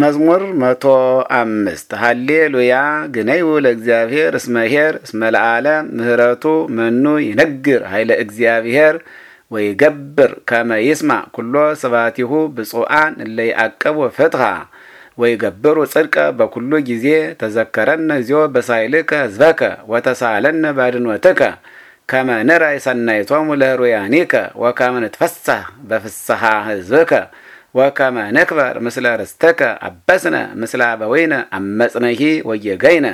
መዝሙር መቶ አምስት ሃሌሉያ ሉያ ግነዩ ለእግዚአብሔር እስመ ኄር ምህረቱ መኑ ይነግር ኃይለ እግዚአብሔር ወይገብር ከመ ይስማ ኩሎ ስባቲሁ ብፁዓን እለ ይአቅቡ ፍትሐ ወይገብሩ ጽድቀ በኩሉ ጊዜ ተዘከረነ እግዚኦ በሳይልከ ሕዝበከ ወተሳለነ ባድኖትከ ከመ ንራይ ሰናይቶሙ ለህሩያኒከ ወከመ ንትፈሳህ በፍስሓ ሕዝብከ ወከመ ንክበር ምስለ ርስተከ አበስነ ምስለ አበወይነ አመፅነሂ ወየገይነ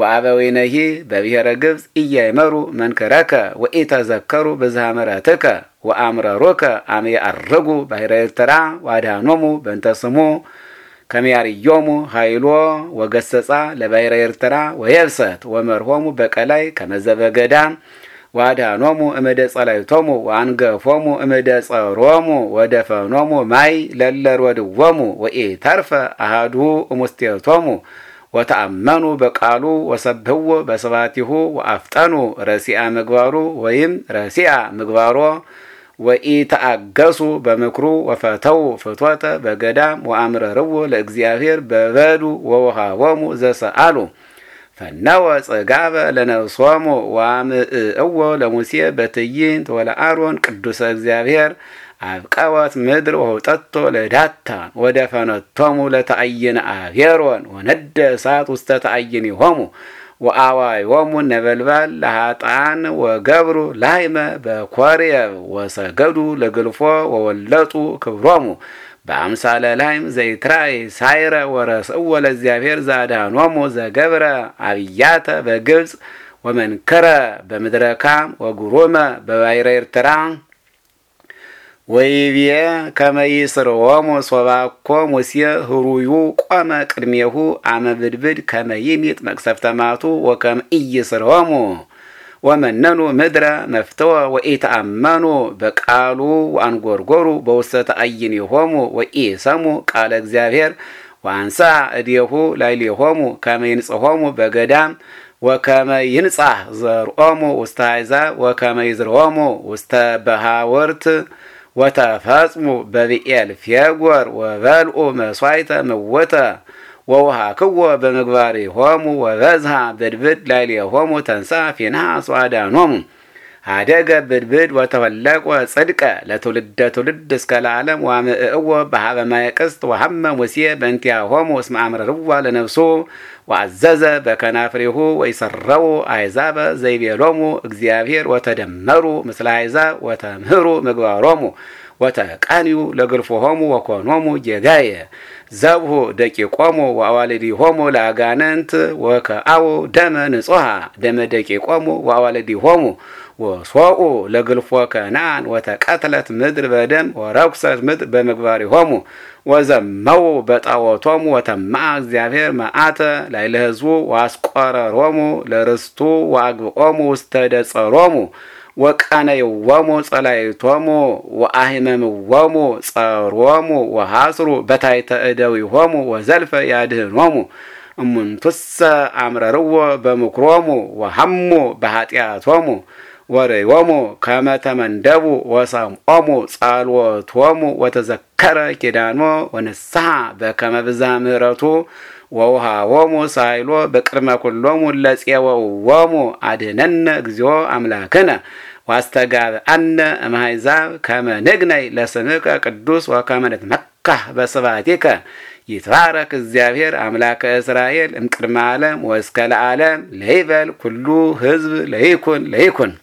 ወአበወይነሂ በብሔረ ግብፅ እያይመሩ መንከረከ ወኢተዘከሩ ብዝሃ ምሕረትከ ወአምረሩከ አመ የዐርጉ ባሕረ ኤርትራ ወአድኀኖሙ በእንተ ስሙ ኃይሎ ወገሰጻ ለባሕረ ኤርትራ ወየብሰት ወመርሆሙ በቀላይ ከመ ወአድኀኖሙ እምደ ጸላይቶሙ ወአንገፎሙ እምደ ጸሮሙ ወደፈኖሙ ማይ ለለ ሮድዎሙ ወኢተርፈ አሐዱ እሙስቴቶሙ ወተአመኑ በቃሉ ወሰብህዎ በስባቲሁ ወአፍጠኑ ረሲአ ምግባሩ ወይም ረሲአ ምግባሮ ወኢተአገሱ በምክሩ ወፈተው ፍቶተ በገዳም ወአምረርዎ ለእግዚአብሔር በበዱ ወወሃቦሙ ዘሰአሉ ፈነወ ጽጋበ ለነብሶሙ ዋምእእዎ ለሙሴ በትዕይንት ወለአሮን ቅዱሰ እግዚአብሔር አብቀወት ምድር ወውጠቶ ለዳታ ወደ ፈነቶሙ ለተአይን አብሔሮን ወነደ እሳት ውስተ ተአይኒሆሙ ወአዋይ ወሙ ነበልባል ለሃጣን ወገብሩ ላይመ በኮርየብ ወሰገዱ ለግልፎ ወወለጡ ክብሮሙ በአምሳለ ላይም ዘይትራይ ሳይረ ወረስእዎ ለእግዚአብሔር ዘአድኀኖሙ ዘገብረ አብያተ በግብፅ ወመንከረ በምድረካም ካም ወጉሩመ በባሕረ ኤርትራ ወይቤ ከመይስርዎሙ ሶባኮ ሙሴ ህሩዩ ቆመ ቅድሜሁ አመብድብድ ከመይሚጥ መቅሰፍተ ማቱ ወከመ ኢይስርዎሙ ወመነኑ ምድረ መፍተወ ወኢተአመኑ በቃሉ አንጎርጎሩ በውሰተ አይን ይሆሙ ወኢሰሙ ቃለ እግዚአብሔር ዋንሳ እዴሁ ላዕሌሆሙ ከመ ይንጽሖሙ በገዳም ወከመ ይንጻህ ዘርኦሙ ውስተ አሕዛብ ወከመ ይዝርኦሙ ውስተ በሃወርት ወተፈጽሙ በብኤል ፌጎር ወበልዑ መስዋይተ ወውሃ ወውሃክዎ በምግባር ሆሙ ወበዝሃ ብድብድ ላይሌ ሆሙ ተንሳ ፊንሃ ጽዋዳኖሙ አደገ ብድብድ ወተወለቆ ጽድቀ ለትውልደ ትውልድ እስከ ለዓለም ዋምእእዎ በሃበ ማየቅስት ወሐመ ሙሴ በእንቲያ ሆሞ እስመ አምረርዋ ለነብሶ ወአዘዘ በከናፍሪሁ ወይሰረው አይዛበ ዘይቤሎሙ እግዚአብሔር ወተደመሩ ምስለ አሕዛብ ወተምህሩ ምግባሮሙ ወተቃንዩ ለግርፎሆሙ ወኮኖሙ ጀጋየ ዘብሁ ደቂቆሙ ወአዋልዲሆሙ ለአጋንንት ወከአው ደመ ንጹሐ ደመ ደቂቆሙ ወአዋልዲሆሙ ወሶኡ ለግልፎ ከነአን ወተቀትለት ምድር በደም ወረኩሰት ምድር በምግባሪሆሙ ወዘመው በጣዖቶሙ ወተማ እግዚአብሔር መዓተ ላይ ለህዝቡ ዋስቆረሮሙ ለርስቱ ዋግብኦሙ ውስተ ደጸሮሙ ወቀነይዎሙ ጸላይቶሙ ወአሂመምዎሙ ጸሮሙ ወሃስሩ በታሕተ እደ ደዊ ሆሙ ወዘልፈ ያድህን ያድህኖሙ እሙንቱሰ አምረርዎ በምክሮሙ ወሐሙ በኃጢአቶሙ ወሬዮሙ ከመ ተመንደቡ ወሰምዖሙ ጸሎቶሙ ወተዘከረ ኪዳኖ ወንስሐ በከመ ብዝሃ ምሕረቱ ወውሃቦሙ ሳይሎ በቅድመ ኩሎሙ ለፄወውዎሙ አድህነነ እግዚኦ አምላክነ ዋስተጋብ አነ እምአሕዛብ ከመ ንግነይ ለስምከ ቅዱስ ወከመ ንትመካህ በስብሐቲከ ይትባረክ እግዚአብሔር አምላከ እስራኤል እምቅድመ ዓለም ወእስከ ለዓለም ለይበል ኩሉ ሕዝብ ለይኩን ለይኩን